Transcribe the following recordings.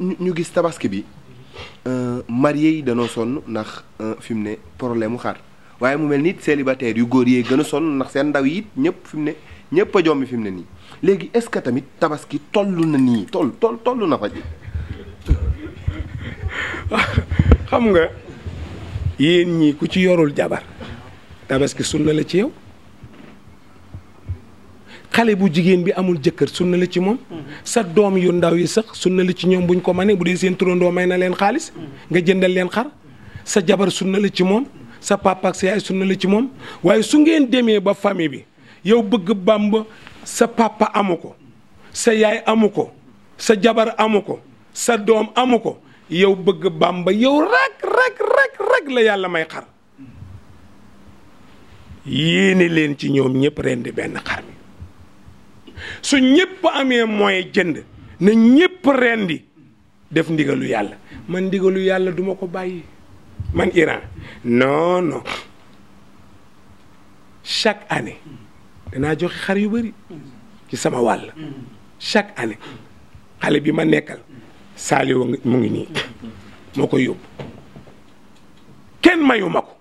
ñu gis tabaski bi euh, mariés yi danoo sonn ndax euh, fi mu ne problème mu xar waaye mu mel ni célibataire yu góor yee gën a sonn ndax seen ndaw yi it ñëpp fi mu ne ñëpp a jombi fi mu ne nii léegi est-ce que tamit tabaski toll na nii toll toll toll na fa xam nga yéen ñii ku ci yorul jabar tabaski sunna la ci yow. xale bu jigéen bi amul jëkkër sunna la ci moom sa doom yu ndaw yi sax sunna la ci ñoom buñ ko mënee bu dee seen turandoo may na leen xaalis nga jëndal leen xar sa jabar sunna la ci moom sa papa ak sa yaay la ci moom waaye su ngeen demee ba famille bi yow bëgg sa papa amu ko sa yaay amu ko sa jabar amu ko sa doom amu ko yow bëgg Bàmba yow rek rek rek la yàlla may xar yéene leen ci ñoom ñëpp rendi benn xar su ñëpp amee moyen jënd na ñëpp rendi def ndigalu yàlla man ndigalu yàlla duma ko bàyyi man Iran non chaque année danaa joxe xar yu bari ci sama wàll chaque année xale bi ma nekkal Saliou mu ngi nii moo ko yóbbu kenn mayuma ko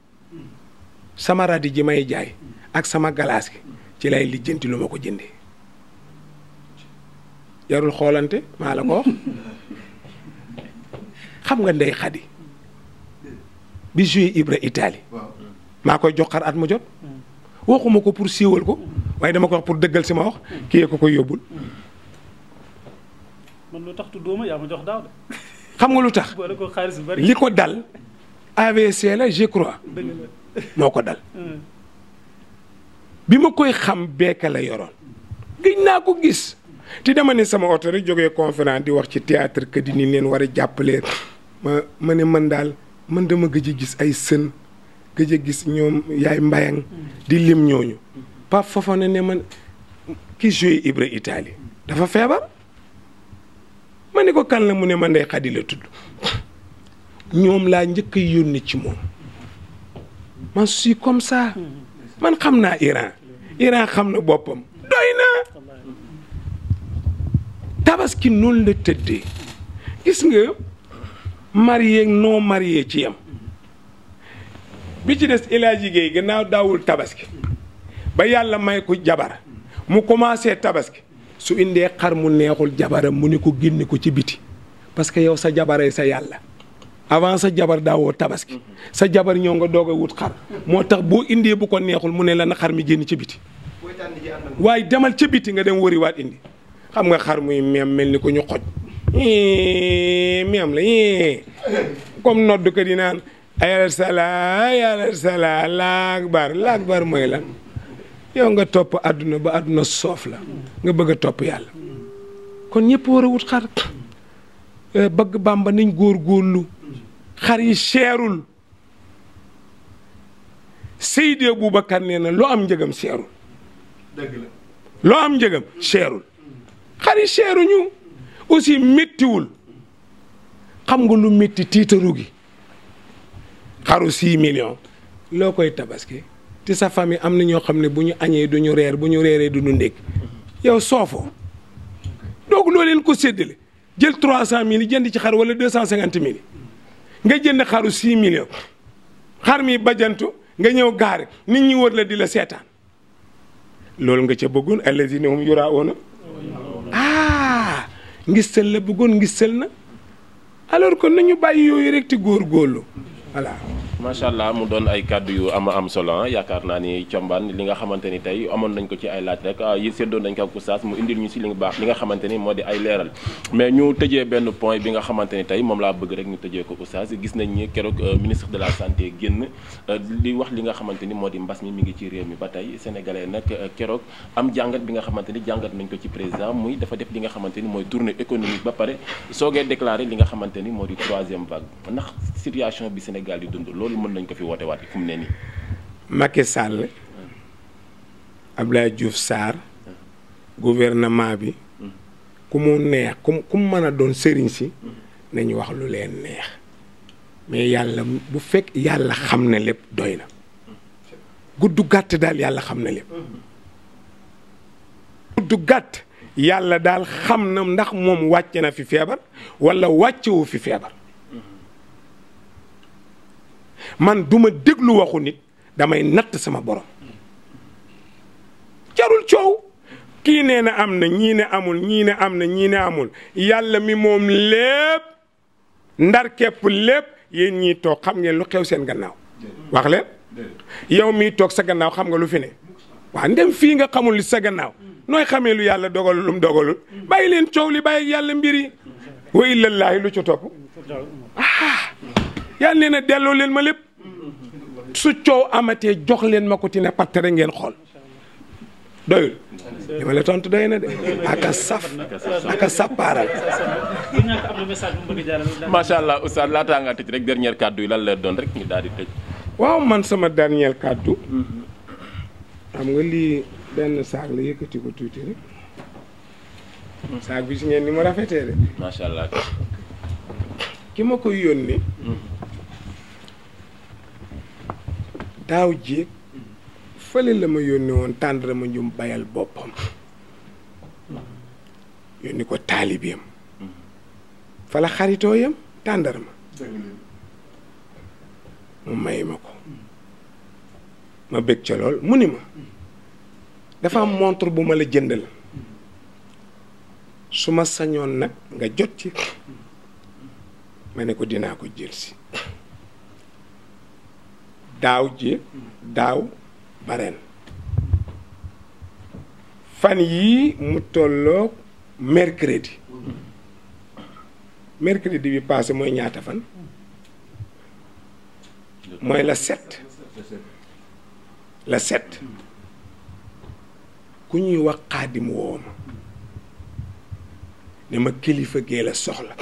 sama radi ji may jaay ak sama galaas ci lay lijjanti lu ma ko jënde jarul xoolante maa la ko wax xam nga ndey xadi bi joué Ibra Italie maa koy jox xar at mu jot waxuma ko pour siiwal ko waaye dama ko wax pour dëggal si ma wax kii yee ko koy yóbbul man lu tax jox daaw xam nga lu tax li ko dal AVC la je crois moo ko dal mm. bi ma koy xam beeka la yoroon gëj naa ko gis ti dama ne sama oto rek jógee conférence di wax ci théâtre que di ni leen war a jàppale ma ma ne man daal man dama gëj a gis ay sën gëj a gis ñoom yaay mbayan di lim ñooñu Pape Fofana ne man ki joué Ibra Italie dafa feebar ma ne ko kan la mu ne man day xadi la tudd ñoom laa njëkk a yónni ci moom man suis comme ça man xam naa Iran Iran xam na boppam tabaski noonu la tëddee gis nga marié non marié ci yam bi ci des Elhadji Gueye gannaaw daawul tabaski ba yàlla may ko jabar mu commencé tabaski su indee xar mu neexul jabaram mu ni ko génne ko ci biti parce que yow sa jabaray sa yàlla avant sa jabar daawoo tabaski sa jabar ñoo nga doog a wut xar moo tax boo indee bu ko neexul mu ne la na xar mi génn ci biti waaye demal ca biti nga dem wëriwaat indi xam nga xar muy meem mel ni ku ñu xoj meem la comme nodd ko di naan ayal salaa ayal salaa laakbar laakbar mooy lan yow nga topp àdduna ba àdduna soof la nga bëgg a topp yàlla kon ñëpp war a wut xar eh, bëgg bàmba nañ góor góorlu xar yi seerul Seydi Abubakar nee na loo am njëgam seerul dëgg loo am njëgam seerul xari seeruñu aussi méttiwul xam nga lu métti tiitaru gi xaru 6 million loo koy tabaski te sa famille am na ñoo xam ne bu ñu añee du ñu reer bu ñu reeree du ñu yow soofoo donc loo leen ko séddale jël 300000 jënd ci xar wala 250000 nga jënd xaru 6 millions xar mi bajantu nga ñëw gaare nit ñi wër la di la seetaan loolu nga ca bëggoon allazina hum yuraawuna ngistal la bëggoon ngistal na alors que nañu bàyyi yooyu rek te góorlu voilà macha allah mu doon ay kàddu yu am am solo ah. yaakaar naa ni combaan li nga xamante ni tey amoon nañ ko ci ay laaj rek ah. yi séddoon nañ ko ak oustaz mu indil ñu si li nga baax li nga xamante ni moo di ay leeral mais ñu tëjee benn point bi nga xamante ni tey moom laa bëgg rek ñu tëjee ko oustaz gis nañ ni keroog euh, ministre de la santé génn li euh, li nga xamante ni moo di mbas mi mi ngi ci réew mi ba tey sénégalais na euh, keroog am jàngat bi nga xamante ni jàngat nañ ko ci président muy dafa def li nga xamante ni mooy tournée économique ba pare soogee déclaré li nga xamante ni moo di troisième vague ndax situation bi Sénégal di dund loolu loolu mën nañ ko fi woote waat fu ne nii. Macky Sall Abdoulaye Diouf Sarr bi ku mu neex ku ku mu mën a doon sëriñ si nañu wax lu leen neex mais yàlla bu fekk yàlla xam na lépp doy na gudd gàtt daal yàlla xam na lépp gudd gàtt yàlla daal xam na ndax moom wàcce na fi feebar walla wàccewu fi feebar man duma ma déglu waxu nit damay natt sama borom jarul coow kii nee na am na ñii ne amul ñii ne am na ñiine amul yàlla mi moom lépp ndar képp lépp yéen ñii toog xam ngeen lu xew seen gannaaw wax leen yow mii toog sa gannaaw xam nga lu fi ne waa ndem fii nga xamul li sa gannaaw nooy xamee lu yàlla dogalul lum dogalul bàyyi leen coow li bàyyi yàlla mbir yi wa illallaahi lu ci topp ah. yàlla nee na delloo leen ma lépp su coow amatee jox leen ma ko ci ne patt rek ngeen xool doyul li ma la tontu doy na de aka saf aka sappaaral macha allah oustaz laataa nga tëj rek dernier kàddu yi lan la doon rek ñu daal di tëj waaw man sama dernier kàddu xam nga lii benn saag la yëkkati ko tuuti rek saag bi si ngeen ni mu rafetee de ki ma koy yónni mm-hmm. daaw jéeg fale la ma yónni woon tàndara ma njum bayal boppam yónni ko taalibeem fala xaritooyam tàndara ma mu may ma ko ma bëgg ca lool mu ni ma dafa am montre bu ma la jënd la su ma sañoon nag nga jot ci ma ne ko dinaa ko jëlsi daaw jéeg daaw ba fan yii mu tolloog mercredi mercredi bi passé mooy ñaata fan mooy la sept la sept ku ñuy wax xaadim wooma ne ma kilifa gee la soxla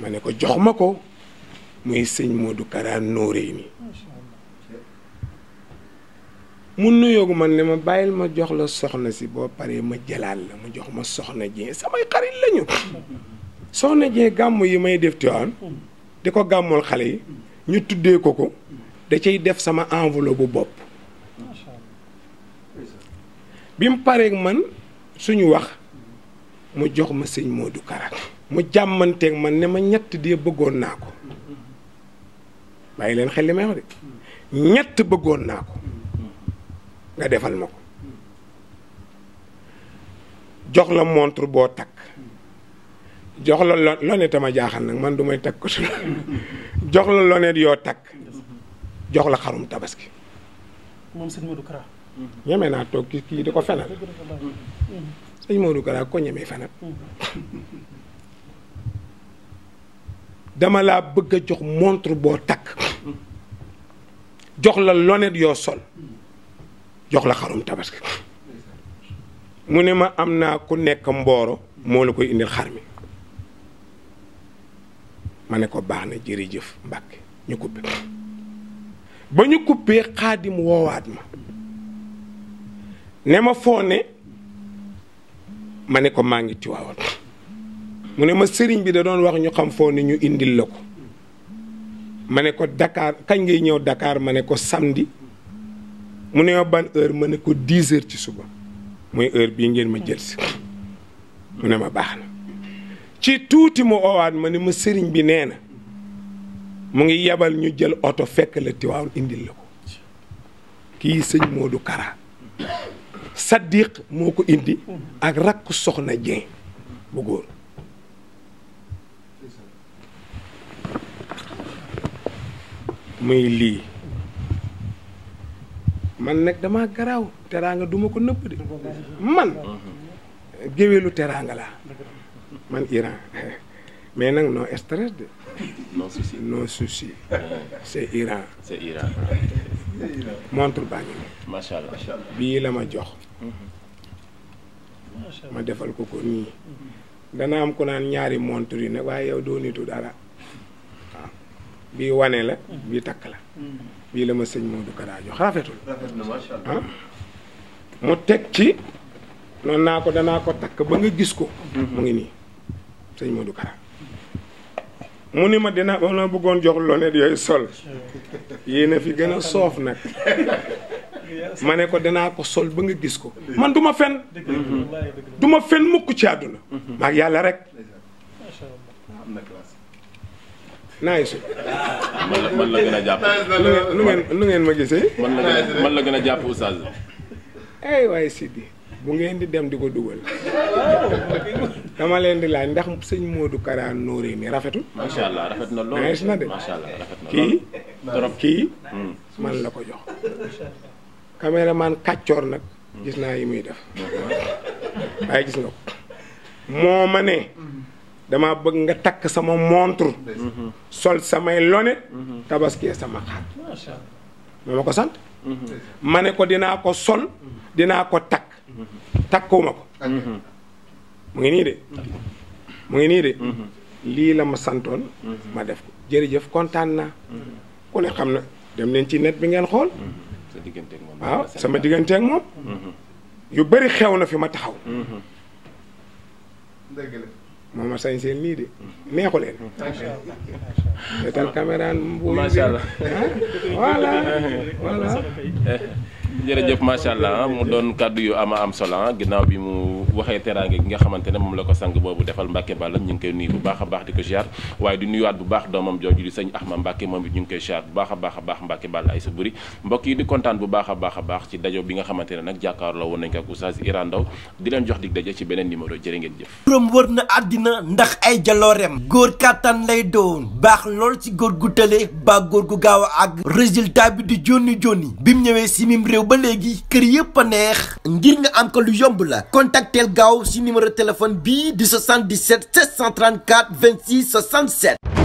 ma ne ko jox ma ko muy sëñ Modou Kara Noreyni mu nuyoog man ne ma bàyyil ma jox la soxna si boo paree ma jëlaat la mu jox ma soxna ji samay xarit lañu soxna Dieng gàmm yi may def Tiwaawan di ko gàmmul xale yi ñu tuddee ko ko da ciy def sama enveloppe bu bopp bi mu pareeg man suñu wax mu jox ma sëñ Modou Kara mu jàmmanteek man ne ma ñett dee bëggoon naa ko bàyyi leen xel li may wax de ñett bëggoon naa ko nga defal ma ko jox la montre boo takk jox la lonet jaaxal nag man du may takk ko jox yoo takk jox la xarum tabaski. moom sëñ Modou Kara. ñeme naa toog kii kii di ko fenal sëñ Modou Kara ko ñemee fenal dama laa bëgg jox montre boo takk. jox la lonet yoo sol jox la xarum tabaski mu ne ma am naa ku nekk mbooro moo la koy indil xar mi ma ne ko baax na jërëjëf Mbàkke ñu coupé ba ñu coupé xaadim woowaat ma ne ma foone ma ne ko maa ngi Tiwaawan mu ne ma sëriñ bi da doon wax ñu xam foo ñu indil la ko ma ne ko Dakar kañ ngay ñëw dakaar ma ne ko samedi mu ne ma ban heure ma ne ci suba mooy heure bii ngeen ma jël si mu ne ma baax na ci tuuti mu oowaat ma ne ma sëriñ bi nee na mu ngi yebal ñu jël oto fekk la Tiwaawan indil la ko kii sëñ Modou Kara Sadiq moo ko indi ak rakk soxna Dieng bu góor muy lii man nag damaa garaw teraanga duma ko nëpp de man géwélu teraanga laa man Iran mais nag non stress de non souci non souci c'est Iran c'est montre baa ngi bii la ma jox ma defal ko ko nii dana am ko naan ñaari montre yu nag waaye yow doo nitu dara bii wane la mm-hmm. bii takk la mm-hmm. bii la ma sëñ Modou Kara jox rafetul ah. mu teg ci noonu naa ko danaa ko takk ba nga gis ko mm-hmm. mu ngi nii sëñ Modou Kara mu ni ma dina ma bëggoon jox lonet yooyu sol yéen a fi gën a soof nag ma ne ko danaa ko sol ba nga gis ko man du ma fen du fen mukk ci àdduna maag yàlla rek naay su. man la man la gën a jàpp. lu ngeen lu ngeen ma gisee. man la man la gën a jàpp oustaz. ay eh, waaye Sidi bu ngeen di dem di ko dugal dama leen di laaj ndax sëñ Modou Kara Nooré mi rafetu macha allah rafet na lool na de macha allah kii. trop kii. Hmm. man la ko jox. caméraman kàccoor nag. gis naa yi muy def. Hmm. waaye gis nga ko. moo ma ne. dama bëgg nga takk sama montre sol samay lonet tabaskee sama xar moo ma ko sant ma ne ko dinaa ko sol dinaa ko takk takkuma ko mu ngi nii de mu ngi nii de lii la ma santoon ma def ko jërëjëf kontaan naa ku ne xam na dem leen ci net bi ngeen xool waaw sama digganteeg moom mhm. yu bari xew na fi ma taxaw mhm. moo ma sañ seen nii de neexu leen. macha allah seetal caméra bu macha allah voilà voilà. jërëjëf macha mu doon kàddu yu ama am solo ginnaaw bi mu. waxee teraange gi nga xamante ne moom la ko sang boobu defal Mbacke Balla ñu ngi koy nuyu bu baax a baax di ko ziar waaye di nuyuwaat bu baax doomam jooju di sëñ Ahma Mbacke moom it ñu koy ziar bu baax a baax a baax Mbacke Balla ay sa buri mbokk yi di kontaan bu baax a baax a baax ci dajo bi nga xamante ne nag jàkkaarloo woon nañ ko ak Oustaz Iran Ndaw ci beneen numéro jërë ngeen jëf turam wër na àddina ndax ay lay doon baax lool ci góor gu tële ba góor gu gaaw a àgg résultat bi di jonni jonni bi mu ñëwee si mim réew ba léegi kër yëpp a neex ngir nga am ko la gaaw si numéro téléphone bii di 77 734 26 67